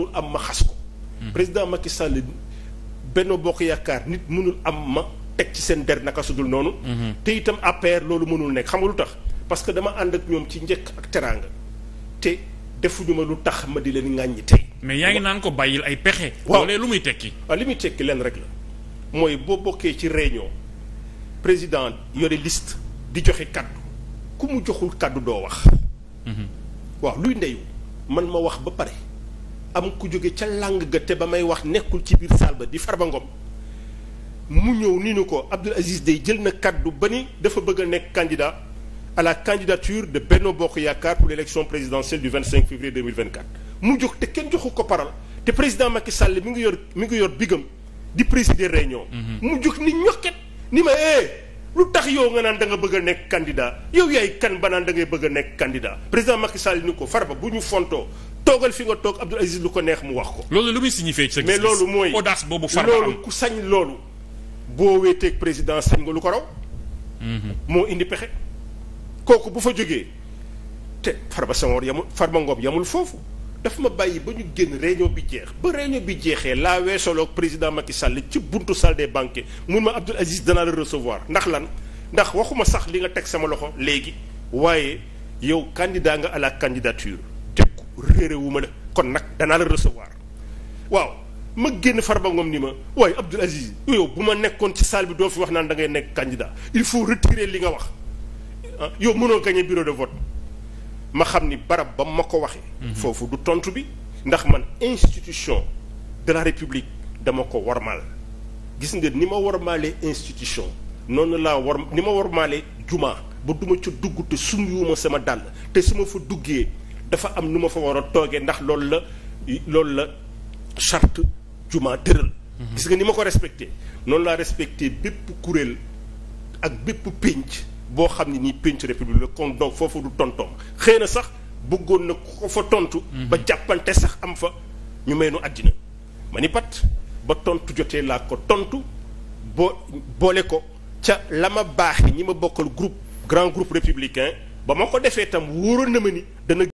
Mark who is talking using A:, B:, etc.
A: mënul am ma xas ko. Hmm. président Macky Sall Benno Bokk Yaakaar nit mënul am ma teg ci seen der naka noonu. Hmm. te itam APR loolu mënul nekk xam tax parce que dama ànd ak ñoom ci njëkk ak teraanga te defuñu ma lu tax ma di leen ŋàññi tey. mais yaa ngi naan ko bàyyil ay pexe. waaw loolee lu muy tekki. waaw ah, li muy tekki leen rek la mooy boo bokkee ci réunion président yore liste di joxe kaddu ku mu joxul kàddu doo wax. Hmm. waaw luy ndeyu man ma wax ba pare. am ku jóge ca làng ga te ba may wax nekkul ci biir salle ba di Farba Ngom mu ñëw ni ñu ko Abdoul Aziz Dey jël na kàddu ba ni dafa bëgg a nekk candidat à la candidature de Benno Bokk Yaakaar pour l' élection présidentielle du 25 février 2024. mu jóg te kenn joxu ko parole te président Macky Sall mu ngi yor mi ngi yor bigam di présider réunion. Mhm. mu jóg ni ñokket ni ma eh. lu tax yow nga naan da bëgg a nekk candidat yow yaay kan banaan naan da ngay bëgg a nekk candidat président Macky Sall ni ko far farba bu ñu fontoo toogal fi nga toog Abdoul Aziz lu ko neex mu wax ko. loolu lu muy signifié ci mais loolu mooy audace boobu farba ku sañ loolu boo weeteeg président sañ lu ko raw. Mhm. moo indi pexe kooku bu fa jógee te farba Senghor yamul farba Ngom yamul foofu. daf ma bàyyi ba ñu génn réunion bi jeex ba réunion bi jeexee laa weesoloog président Macky Sall ci buntu salle des banquets mun ma Abdoul Aziz danaa la recevoir ndax lan ndax waxuma sax li nga teg sama loxo léegi waaye yow candidat nga à la candidature te réerewu ma la kon nag danaa la recevoir waaw ma génn Farba Ngom ni ma waaye Abdoul Aziz yow bu ma nekkoon ci salle bi doo fi wax naan da ngay nekk candidat il faut retirer li nga wax ah, yow mënoo gagner bureau de vote ma xam ni barab ba ma ko waxee. foofu du tontu bi ndax man institution de la république dama ko war mal gis nga ni ma war warmaalee institution noonu laa war ni ma war warmaalee jumaa ba duma ca dugg te sumbiwuma sama dàll te su ma fa duggee dafa am nu ma fa war a toogee ndax loolu la loolu la charte jumaa tëral. Mhm. gis nga ni ma ko respecté noonu laa respecté bépp kuréel ak bépp pinc boo xam ne nii penc république la kon donc foofu du tontoom xëy na sax bëggoon na ko fa tontu. ba mhm. jàppante sax am fa ñu may nu àddina ma ni pat ba tontu jotee laa ko tontu boo boole ko ca la ma baaxee ñi ma bokkal groupe grand groupe républicain ba ma ko defee tam wóoroon na ma ni dana.